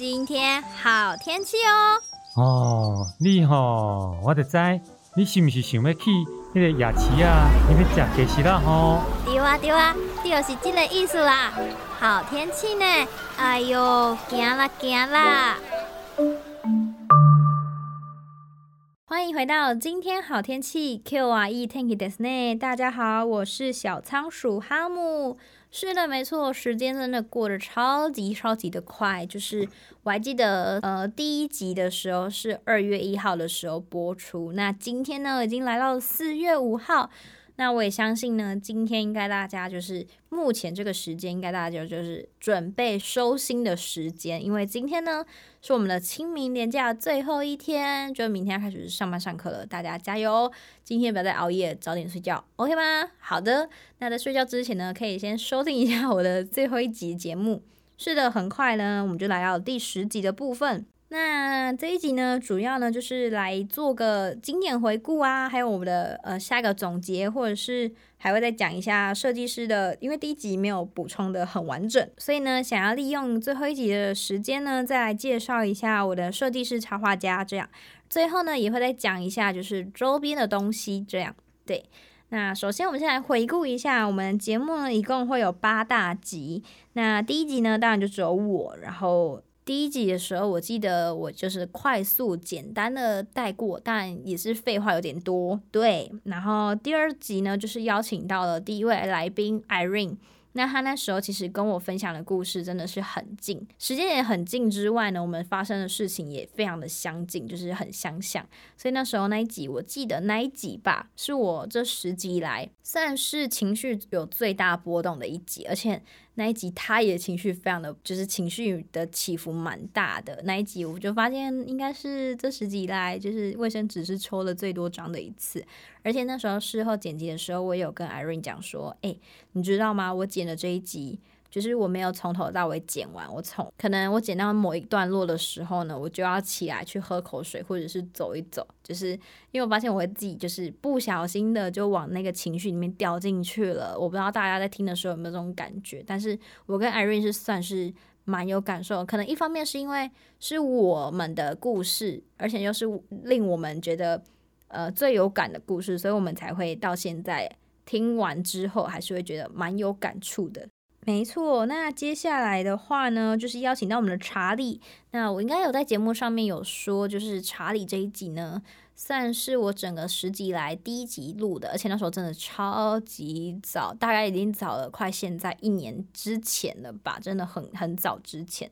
今天好天氣哦！哦，你好，我就知你是不是想要去那個夜市啊？你們在傑西啦哦，對啊，對啊，就是這個意思啦。好天氣呢，哎呦，行啦，行啦！哇歡迎回到《今天好天氣》今日はいい天気ですね，大家好，我是小倉鼠哈姆。是的，沒錯，時間真的過得超級超級的快，就是我還記得，呃，第一集的時候是二月一號的時候播出，那今天呢，已經來到了四月五號。那我也相信呢，今天應該大家就是目前這個時間，應該大家就就是準備收心的時間，因為今天呢是我們的清明連假最後一天，就明天開始上班上課了，大家加油！今天不要再熬夜，早點睡覺，OK 嗎？好的，那在睡覺之前呢，可以先收聽一下我的最後一集節目。是的，很快呢，我們就來到第十集的部分。那這一集呢，主要呢就是來做個經典回顧啊，還有我們的呃下一個總結，或者是還會再講一下設計師的，因為第一集沒有補充的很完整，所以呢，想要利用最後一集的時間呢，再來介紹一下我的設計師插畫家，這樣。最後呢也會再講一下就是周邊的東西，這樣對。那首先我們先來回顧一下，我們節目呢一共會有八大集，那第一集呢當然就只有我，然後。第一集的時候，我記得我就是快速簡單的帶過，但也是廢話有點多，對。然後第二集呢，就是邀請到了第一位來賓 Irene，那她那時候其實跟我分享的故事真的是很近，時間也很近之外呢，我們發生的事情也非常的相近，就是很相像。所以那時候那一集，我記得那一集吧，是我這十集以來算是情緒有最大波動的一集，而且。那一集他也情緒非常的就是情緒的起伏蠻大的。那一集我就發現應該是這十集來就是衛生紙是抽了最多張的一次，而且那時候事後剪輯的時候，我有跟艾瑞講說：“哎，你知道嗎？我剪了這一集。”就是我沒有從頭到尾剪完，我從可能我剪到某一段落的時候呢，我就要起來去喝口水，或者是走一走。就是因為我發現我會自己就是不小心的就往那個情緒裡面掉進去了。我不知道大家在聽的時候有沒有這種感覺，但是我跟 Irene 是算是蠻有感受。可能一方面是因為是我們的故事，而且又是令我們覺得呃最有感的故事，所以我們才會到現在聽完之後還是會覺得蠻有感觸的。沒錯，那接下來的話呢，就是邀請到我們的查理。那我應該有在節目上面有說，就是查理這一集呢，算是我整個十集來第一集錄的，而且那時候真的超級早，大概已經早了快現在一年之前了吧，真的很很早之前。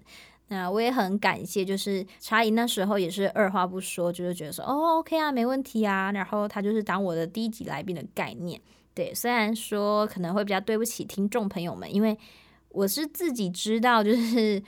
那我也很感謝，就是查理那時候也是二話不說，就是覺得說，哦，OK 啊，沒問題啊，然後他就是當我的第一集來賓的概念。對，雖然說可能會比較對不起聽眾朋友們，因為我是自己知道，就是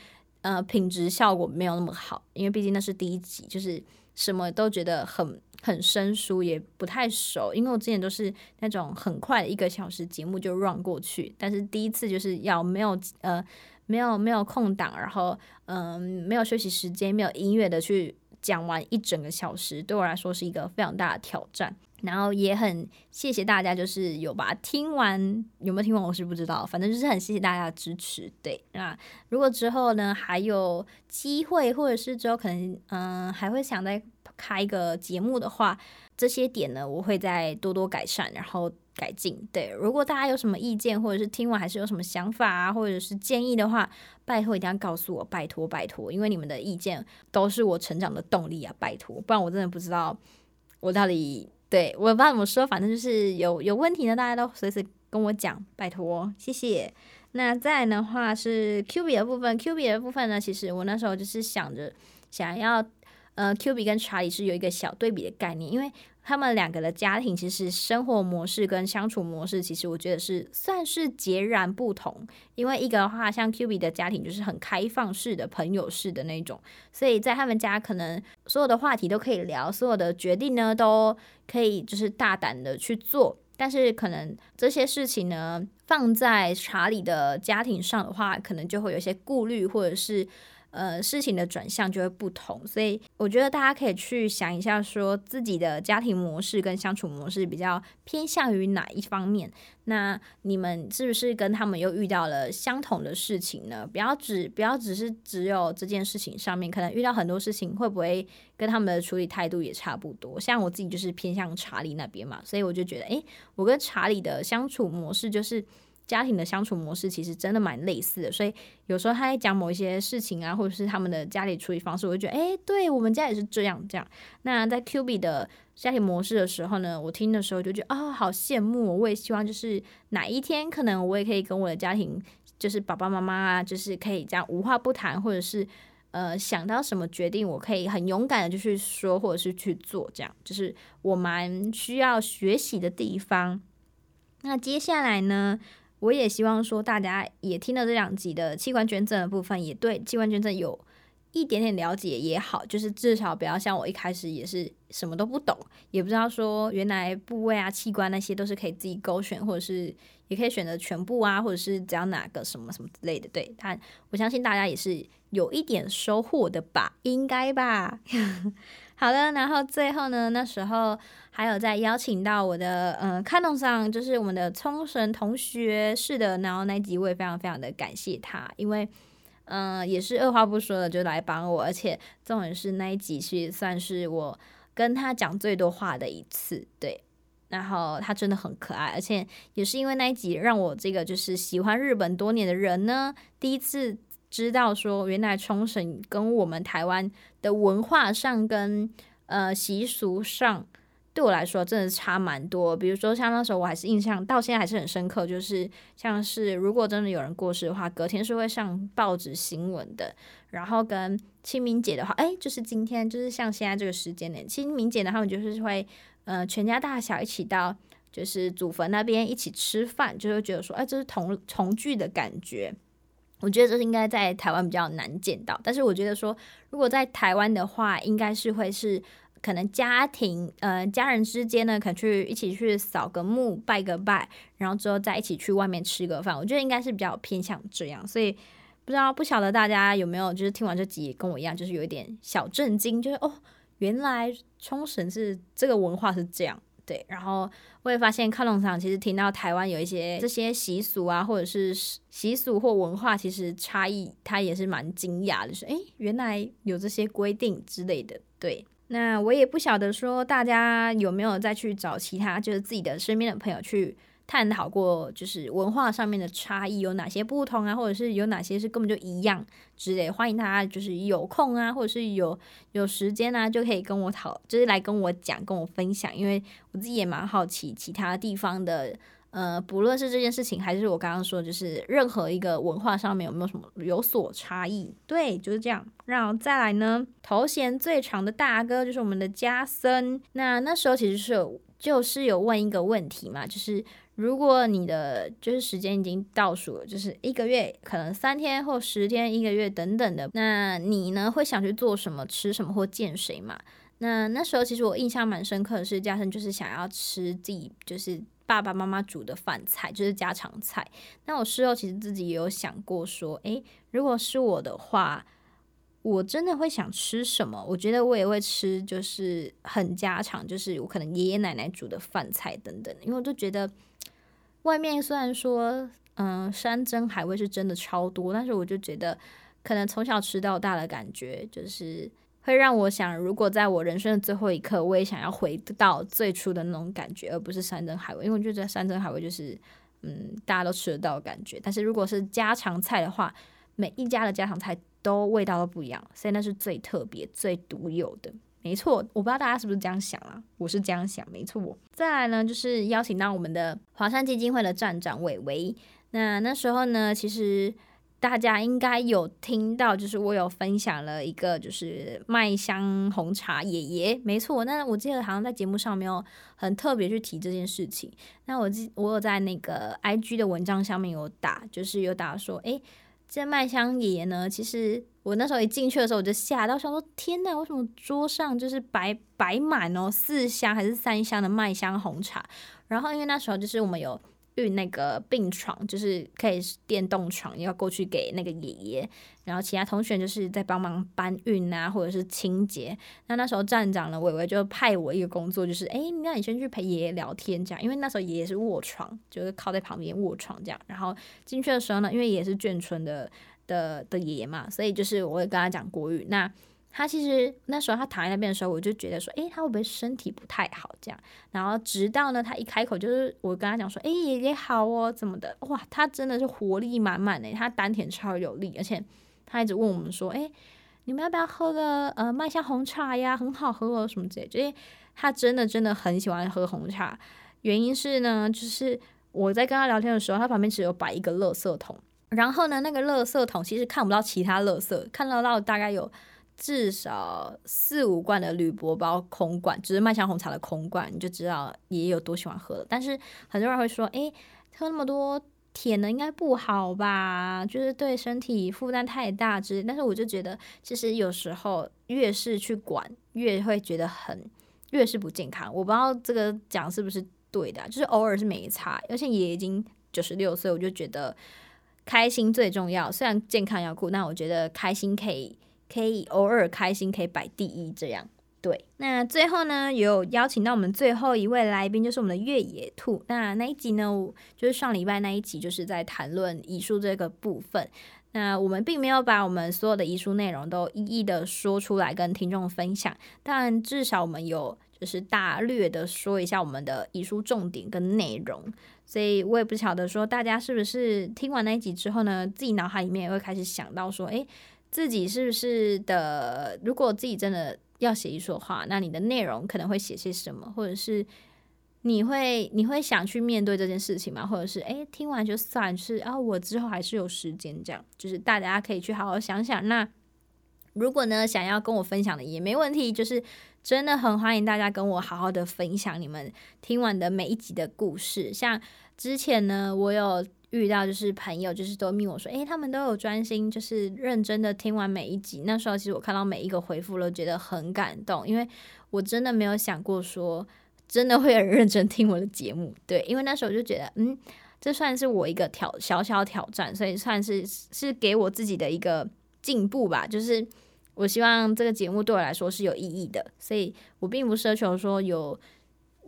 呃，品質效果沒有那麼好，因為畢竟那是第一集，就是什麼都覺得很很生疏，也不太熟。因為我之前都是那種很快的一個小時節目就 run 過去，但是第一次就是要沒有呃沒有沒有空檔，然後嗯、呃、沒有休息時間，沒有音樂的去講完一整個小時，對我來說是一個非常大的挑戰。然後也很謝謝大家，就是有把聽完有沒有聽完我是不知道，反正就是很謝謝大家的支持，對。那如果之後呢還有機會，或者是之後可能嗯還會想再開一個節目的話，這些點呢我會再多多改善，然後改進。對，如果大家有什麼意見，或者是聽完還是有什麼想法啊，或者是建議的話，拜托一定要告訴我，拜托拜托，因為你們的意見都是我成長的動力啊，拜托，不然我真的不知道我到底。對，我不知道怎麼說，反正就是有有問題呢，大家都隨時跟我講，拜託哦，謝謝。那再的話是 Q 幣的部分，Q 幣的部分呢，其實我那時候就是想着想要，呃，Q 幣跟查理是有一個小對比的概念，因為。他們兩個的家庭其實生活模式跟相處模式，其實我覺得是算是截然不同。因為一個的話，像 Q 比的家庭就是很開放式的朋友式的那種，所以在他們家可能所有的話題都可以聊，所有的決定呢都可以就是大膽的去做。但是可能這些事情呢放在查理的家庭上的話，可能就會有些顧慮或者是。呃，事情的轉向就會不同，所以我覺得大家可以去想一下，說自己的家庭模式跟相處模式比較偏向於哪一方面。那你們是不是跟他們又遇到了相同的事情呢？不要只不要只是只有這件事情上面，可能遇到很多事情，會不會跟他們的處理態度也差不多？像我自己就是偏向查理那邊嘛，所以我就覺得，欸，我跟查理的相處模式就是。家庭的相處模式其實真的蠻類似的，所以有時候他在講某一些事情啊，或者是他們的家裡處理方式，我就覺得，哎、欸，對我們家也是這樣這樣。那在 QB 的家庭模式的時候呢，我聽的時候就覺得，哦，好羨慕，我也希望就是哪一天可能我也可以跟我的家庭，就是爸爸媽媽啊，就是可以這樣無話不談，或者是呃想到什麼決定，我可以很勇敢的就去說，或者是去做，這樣就是我蠻需要學習的地方。那接下來呢？我也希望說，大家也聽了這兩集的器官捐贈的部分，也對器官捐贈有一點點了解，也好，就是至少不要像我一開始也是什麼都不懂，也不知道說原來部位啊、器官那些都是可以自己勾選，或者是也可以選擇全部啊，或者是只要哪個什麼什麼之類的。對，但我相信大家也是有一點收穫的吧，應該吧。 好了，然後最後呢，那時候還有在邀請到我的，嗯、呃，看到上就是我們的沖繩同學是的，然後那幾位非常非常的感謝他，因為嗯、呃、也是二話不說的就來幫我，而且重點是那一集是算是我跟他講最多話的一次，對，然後他真的很可愛，而且也是因為那一集讓我這個就是喜歡日本多年的人呢，第一次知道說原來沖繩跟我們台灣。的文化上跟呃習俗上，對我來說真的差蠻多。比如說像那時候，我還是印象到現在還是很深刻，就是像是如果真的有人過世的話，隔天是會上報紙新聞的。然後跟清明節的話，哎，就是今天就是像現在這個時間點，清明節的話，我就是會呃全家大小一起到就是祖墳那邊一起吃飯，就會覺得說哎，這是同同聚的感覺。我覺得這是應該在台灣比較難見到，但是我覺得說，如果在台灣的話，應該是會是可能家庭呃家人之間呢，可去一起去掃個墓拜個拜，然後之後再一起去外面吃個飯。我覺得應該是比較偏向這樣，所以不知道不曉得大家有沒有就是聽完這集跟我一樣，就是有一點小震驚，就是哦，原來沖繩是這個文化是這樣。對，然後我也發現，靠攏上其實聽到台灣有一些這些習俗啊，或者是習俗或文化，其實差異，他也是蠻驚訝的，的。是哎，原來有這些規定之類的。對，那我也不曉得說大家有沒有再去找其他，就是自己的身邊的朋友去探討過就是文化上面的差異有哪些不同啊，或者是有哪些是根本就一樣之類，歡迎大家就是有空啊，或者是有有時間啊，就可以跟我討，就是來跟我講，跟我分享，因為我自己也蠻好奇其他地方的，呃，不論是這件事情，還是我剛剛說，就是任何一個文化上面有沒有什麼有所差異，對，就是這樣。然後再來呢，頭銜最長的大哥就是我們的嘉森，那那時候其實是有，就是有問一個問題嘛，就是。如果你的就是時間已經倒數了，就是一個月，可能三天或十天、一個月等等的，那你呢會想去做什麼、吃什麼或見誰嗎？那那時候其實我印象蠻深刻的是，家誠就是想要吃自己就是爸爸媽媽煮的飯菜，就是家常菜。那我事後其實自己也有想過說，哎、欸，如果是我的話，我真的會想吃什麼？我覺得我也會吃，就是很家常，就是我可能爺爺奶奶煮的飯菜等等，因為我就覺得。外面雖然說，嗯，山珍海味是真的超多，但是我就覺得，可能從小吃到大的感覺，就是會讓我想，如果在我人生的最後一刻，我也想要回到最初的那種感覺，而不是山珍海味。因為我覺得山珍海味就是，嗯，大家都吃得到的感覺，但是如果是家常菜的話，每一家的家常菜都味道都不一樣，所以那是最特別、最獨有的。沒錯，我不知道大家是不是這樣想啊，我是這樣想，沒錯。再來呢，就是邀請到我們的華山基金會的站長偉偉。那那時候呢，其實大家應該有聽到，就是我有分享了一個，就是麥香紅茶爺爺。沒錯，那我記得好像在節目上沒有很特別去提這件事情。那我記，我有在那個 IG 的文章下面有打，就是有打說，哎。這麥香爺呢？其實我那時候一進去的時候，我就嚇到，想說：“天吶，為什麼桌上就是擺擺滿哦四箱還是三箱的麥香紅茶？”然後因為那時候就是我們有。去那個病床，就是可以電動床，要過去給那個爺爺。然後其他同學就是在幫忙搬運啊，或者是清潔。那那時候站長呢，偉偉就派我一個工作，就是哎，那、欸、你，你先去陪爺爺聊天，這樣，因為那時候爺爺是臥床，就是靠在旁邊臥床這樣。然後進去的時候呢，因為也是眷村的的的爺爺嘛，所以就是我會跟他講國語。那他其實那時候他躺在那邊的時候，我就覺得說，誒、欸，他會不會身體不太好？這樣，然後直到呢，他一開口就是我跟他講說，誒、欸，爺爺好哦，怎麼的？哇，他真的是活力滿滿誒，他丹田超有力，而且他一直問我們說，誒、欸，你們要不要喝個呃麥香紅茶呀？很好喝哦，什麼之類，因為他真的真的很喜歡喝紅茶。原因是呢，就是我在跟他聊天的時候，他旁邊只有擺一個垃圾桶，然後呢，那個垃圾桶其實看不到其他垃圾，看得到，到大概有。至少四五罐的鋁箔包空罐，只、就是麥香紅茶的空罐，你就知道爺爺有多喜歡喝了。但是很多人會說：“哎，喝那麼多甜的，應該不好吧？就是對身體負擔太大之類。”但是我就覺得，其實有時候越是去管，越會覺得很，越是不健康。我不知道這個講是不是對的、啊，就是偶爾是沒差，而且爺爺已經九十六歲，我就覺得開心最重要。雖然健康要酷，但我覺得開心可以。可以偶爾開心，可以擺第一這樣。對，那最後呢，有邀請到我們最後一位來賓，就是我們的月野兔。那那一集呢，就是上禮拜那一集，就是在談論遺書這個部分。那我們並沒有把我們所有的遺書內容都一一的說出來跟聽眾分享，但至少我們有就是大略的說一下我們的遺書重點跟內容。所以我也不曉得說大家是不是聽完那一集之後呢，自己腦海裡面也會開始想到說，誒、欸……自己是不是的？如果自己真的要寫一說話，那你的內容可能會寫些什麼？或者是你會你會想去面對這件事情嗎？或者是誒，聽完就算是啊、哦，我之後還是有時間這樣。就是大家可以去好好想想。那如果呢，想要跟我分享的也沒問題，就是真的很歡迎大家跟我好好的分享你們聽完的每一集的故事。像之前呢，我有。遇到就是朋友，就是都問我說，誒、欸，他們都有專心，就是認真的聽完每一集。那時候其實我看到每一個回復，都覺得很感動，因為我真的沒有想過說，真的會很認真聽我的節目。對，因為那時候我就覺得，嗯，這算是我一個挑小小挑戰，所以算是是給我自己的一個進步吧。就是我希望這個節目對我來說是有意義的，所以我並不奢求說有。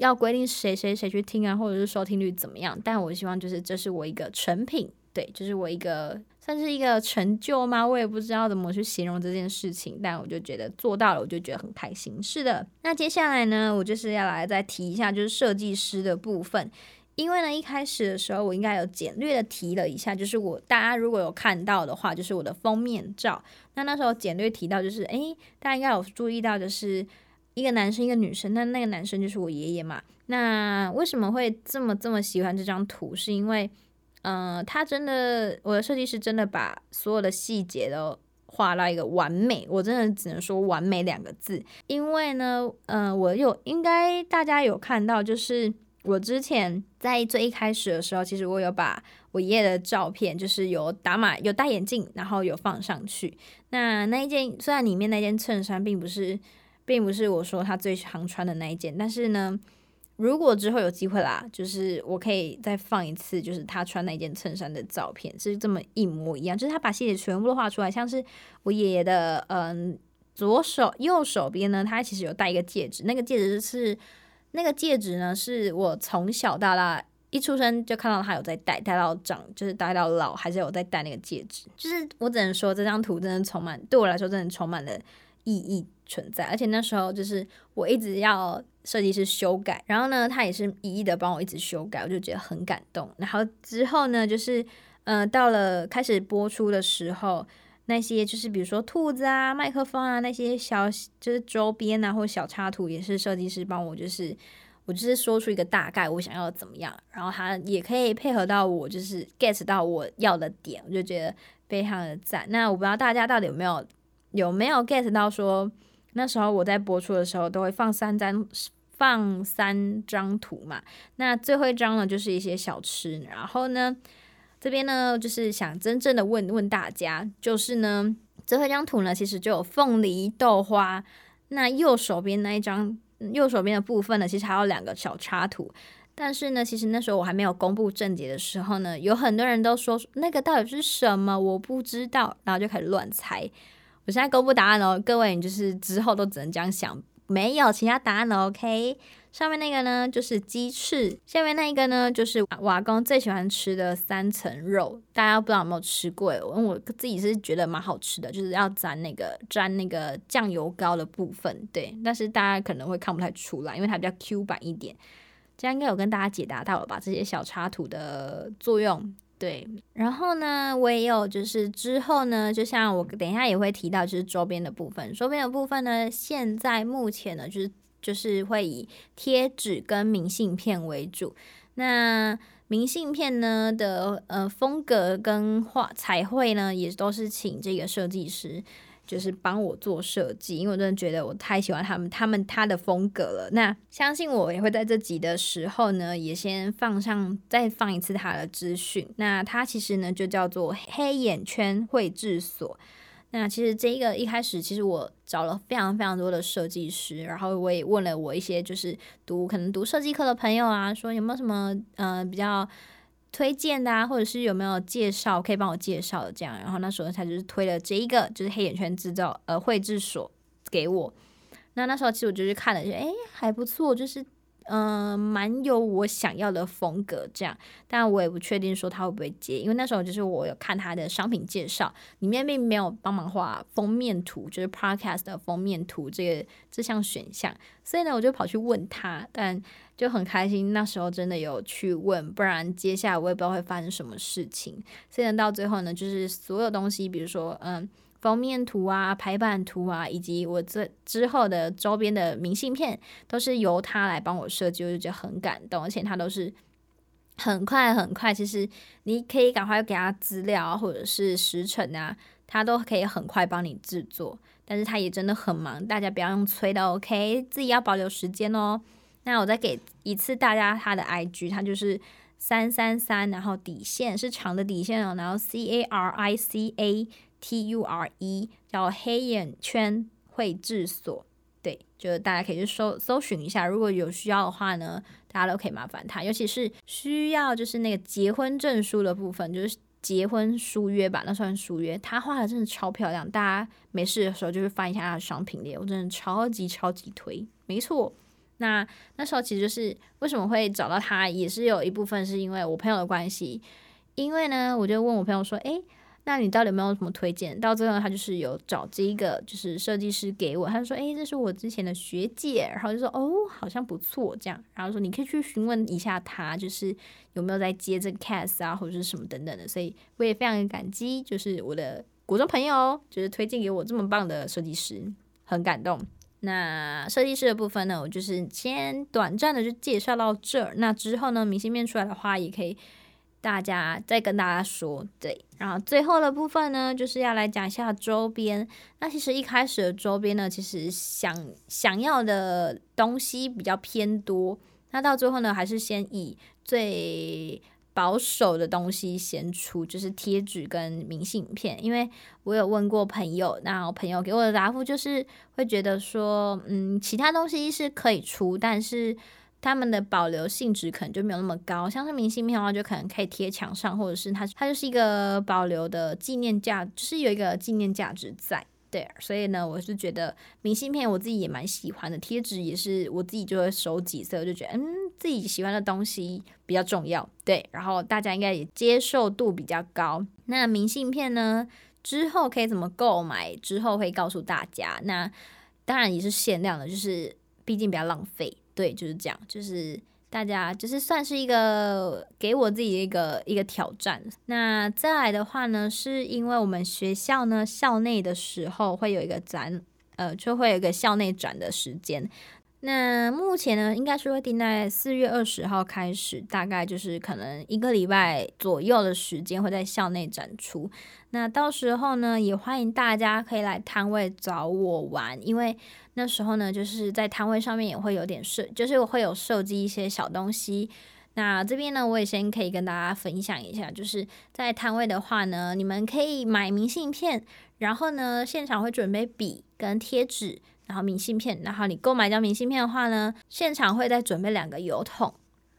要規定誰誰誰去聽啊，或者是收聽率怎麼樣？但我希望就是這是我一個成品，對，就是我一個算是一個成就嗎？我也不知道怎麼去形容這件事情，但我就覺得做到了，我就覺得很開心。是的，那接下來呢，我就是要來再提一下就是設計師的部分，因為呢一開始的時候我應該有簡略的提了一下，就是我大家如果有看到的話，就是我的封面照，那那時候簡略提到就是，哎，大家應該有注意到就是。一個男生，一個女生，那那個男生就是我爺爺嘛。那為什麼會這麼這麼喜歡這張圖？是因為，呃，他真的，我的設計師真的把所有的細節都畫了一個完美。我真的只能說“完美”兩個字。因為呢，嗯、呃，我有應該大家有看到，就是我之前在最一開始的時候，其實我有把我爺爺的照片，就是有打碼，有戴眼鏡，然後有放上去。那那一件，雖然裡面那件襯衫並不是。並不是我說他最常穿的那一件，但是呢，如果之後有機會啦，就是我可以再放一次，就是他穿那件襯衫的照片，是這麼一模一樣。就是他把細節全部都畫出來，像是我爺爺的，嗯，左手右手邊呢，他其實有戴一個戒指，那個戒指，就是那個戒指呢，是我從小到大一出生就看到他有在戴，戴到長就是戴到老，還是有在戴那個戒指。就是我只能說，這張圖真的充滿，對我來說真的充滿了意義。存在，而且那時候就是我一直要設計師修改，然後呢，他也是一一的幫我一直修改，我就覺得很感動。然後之後呢，就是呃，到了開始播出的時候，那些就是比如說兔子啊、麥克風啊，那些小就是周邊啊，或小插圖也是設計師幫我，就是我就是說出一個大概我想要怎麼樣，然後他也可以配合到我，就是 get 到我要的點，我就覺得非常的讚。那我不知道大家到底有沒有有沒有 get 到說。那時候我在播出的時候都會放三張，放三張圖嘛。那最後一張呢，就是一些小吃。然後呢，這邊呢，就是想真正的問問大家，就是呢，最後一張圖呢，其實就有鳳梨、豆花。那右手邊那一張，右手邊的部分呢，其實還有兩個小插圖。但是呢，其實那時候我還沒有公布正解的時候呢，有很多人都說那個到底是什麼，我不知道，然後就開始亂猜。我現在公布答案嘍，各位，你就是之後都只能這樣想，沒有其他答案了，OK？上面那個呢，就是雞翅；下面那一個呢，就是我阿公最喜歡吃的三層肉。大家不知道有沒有吃過？我我自己是覺得蠻好吃的，就是要沾那個沾那個醬油膏的部分，對。但是大家可能會看不太出來，因為它比較 Q 版一點。這樣應該有跟大家解答到了吧？把這些小插圖的作用。對，然後呢，我也有，就是之後呢，就像我等一下也會提到，就是周邊的部分。周邊的部分呢，現在目前呢，就是就是會以貼紙跟明信片為主。那明信片呢的呃風格跟畫彩繪呢，也都是請這個設計師。就是幫我做設計，因為我真的覺得我太喜歡他們，他們他的風格了。那相信我也會在這集的時候呢，也先放上再放一次他的資訊。那他其實呢就叫做黑眼圈繪制所。那其實這一個一開始其實我找了非常非常多的設計師，然後我也問了我一些就是讀可能讀設計課的朋友啊，說有沒有什麼呃比較。推薦的啊，或者是有沒有介紹可以幫我介紹的這樣，然後那時候他就是推了這一個，就是黑眼圈制造呃繪制所給我。那那時候其實我就是看了，就、欸、哎還不錯，就是嗯蠻、呃、有我想要的風格這樣，但我也不確定說他會不會接，因為那時候就是我有看他的商品介紹，裡面並沒有幫忙畫封面圖，就是 podcast 的封面圖這個這項選項，所以呢我就跑去問他，但。就很開心，那時候真的有去問，不然接下來我也不知道會發生什麼事情。雖然到最後呢，就是所有東西，比如說嗯封面圖啊、排版圖啊，以及我這之後的周邊的明信片，都是由他來幫我設計，我就覺得很感動。而且他都是很快很快，其實你可以趕快給他資料或者是時程啊，他都可以很快幫你制作。但是他也真的很忙，大家不要用催的，OK？自己要保留時間哦。那我再給一次大家他的 IG，他就是三三三，然後底線是長的底線哦，然後 C A R I C A T U R E 叫黑眼圈繪制所，對，就是大家可以去搜搜尋一下，如果有需要的話呢，大家都可以麻煩他，尤其是需要就是那個結婚證書的部分，就是結婚書約吧，那算書約，他畫的真的超漂亮，大家沒事的時候就去翻一下他的商品列，我真的超級超級推，沒錯。那那時候其實就是為什麼會找到他，也是有一部分是因為我朋友的關係。因為呢，我就問我朋友說：“哎、欸，那你到底有沒有什麼推薦？”到最後，他就是有找這一個就是設計師給我。他說：“哎、欸，這是我之前的學姐。”然後就說：“哦，好像不錯這樣。”然後說：“你可以去詢問一下他，就是有沒有在接這個 case 啊，或者是什麼等等的。”所以我也非常感激，就是我的國中朋友，就是推薦給我這麼棒的設計師，很感動。那設計師的部分呢，我就是先短暫的就介紹到這兒。那之後呢，明信片出來的話，也可以大家再跟大家說。對，然後最後的部分呢，就是要來講一下周邊。那其實一開始的周邊呢，其實想想要的東西比較偏多。那到最後呢，還是先以最，保守的東西先出，就是貼紙跟明信片，因為我有問過朋友，那我朋友給我的答覆就是會覺得說，嗯，其他東西是可以出，但是他們的保留性質可能就沒有那麼高，像是明信片的話，就可能可以貼牆上，或者是它它就是一個保留的紀念價，就是有一個紀念價值在。對，所以呢，我是覺得明信片我自己也蠻喜歡的，貼紙也是我自己就會收集，所以我就覺得嗯，自己喜歡的東西比較重要，對。然後大家應該也接受度比較高。那明信片呢，之後可以怎麼購買，之後會告訴大家。那當然也是限量的，就是畢竟比較浪費，對，就是這樣，就是。大家就是算是一個給我自己一個一個挑戰。那再來的話呢，是因為我們學校呢校內的時候會有一個展，呃，就會有一個校內展的時間。那目前呢，應該是會定在四月二十號開始，大概就是可能一個禮拜左右的時間會在校內展出。那到時候呢，也歡迎大家可以來攤位找我玩，因為那時候呢，就是在攤位上面也會有點設，就是我會有設計一些小東西。那這邊呢，我也先可以跟大家分享一下，就是在攤位的話呢，你們可以買明信片，然後呢，現場會準備筆跟貼紙。然後明信片，然後你購買一張明信片的話呢，現場會再準備兩個郵筒。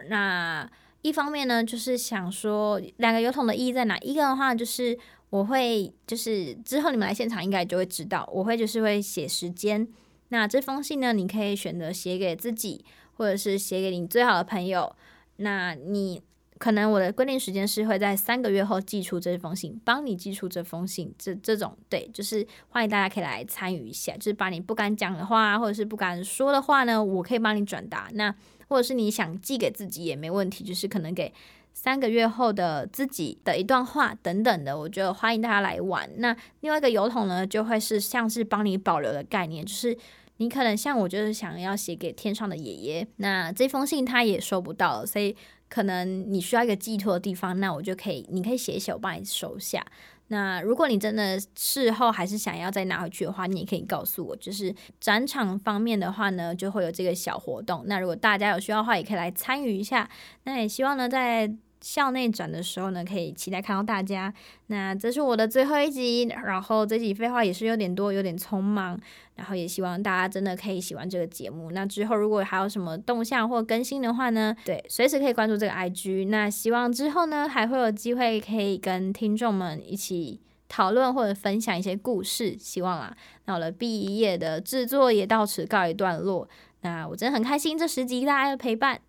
那一方面呢，就是想說兩個郵筒的意義在哪？一個的話就是我會就是之後你們來現場應該就會知道，我會就是會寫時間。那這封信呢，你可以選擇寫給自己，或者是寫給你最好的朋友。那你。可能我的規定時間是會在三個月後寄出這封信，幫你寄出這封信，這這種對，就是歡迎大家可以來參與一下，就是把你不敢講的話，或者是不敢說的話呢，我可以幫你轉達。那或者是你想寄給自己也沒問題，就是可能給三個月後的自己的一段話等等的，我覺得歡迎大家來玩。那另外一個郵筒呢，就會是像是幫你保留的概念，就是你可能像我就是想要寫給天上的爺爺，那這封信他也收不到，所以。可能你需要一個寄托的地方，那我就可以，你可以寫一寫，我幫你收下。那如果你真的事後還是想要再拿回去的話，你也可以告訴我。就是展場方面的話呢，就會有這個小活動。那如果大家有需要的話，也可以來參與一下。那也希望呢，在。校內轉的時候呢，可以期待看到大家。那這是我的最後一集，然後這集廢話也是有點多，有點匆忙，然後也希望大家真的可以喜歡這個節目。那之後如果還有什麼動向或更新的話呢，對，隨時可以關注這個 IG。那希望之後呢還會有機會可以跟聽眾們一起討論或者分享一些故事，希望啦、啊。那我的畢業的制作也到此告一段落，那我真的很開心這十集大家的陪伴。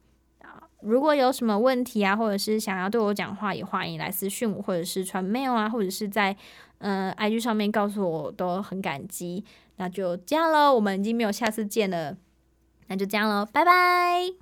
如果有什麼問題啊，或者是想要對我講話，也歡迎來私訊我，或者是傳 mail 啊，或者是在嗯、呃、IG 上面告訴我，都很感激。那就這樣嘍，我們已經沒有下次見了，那就這樣嘍，拜拜。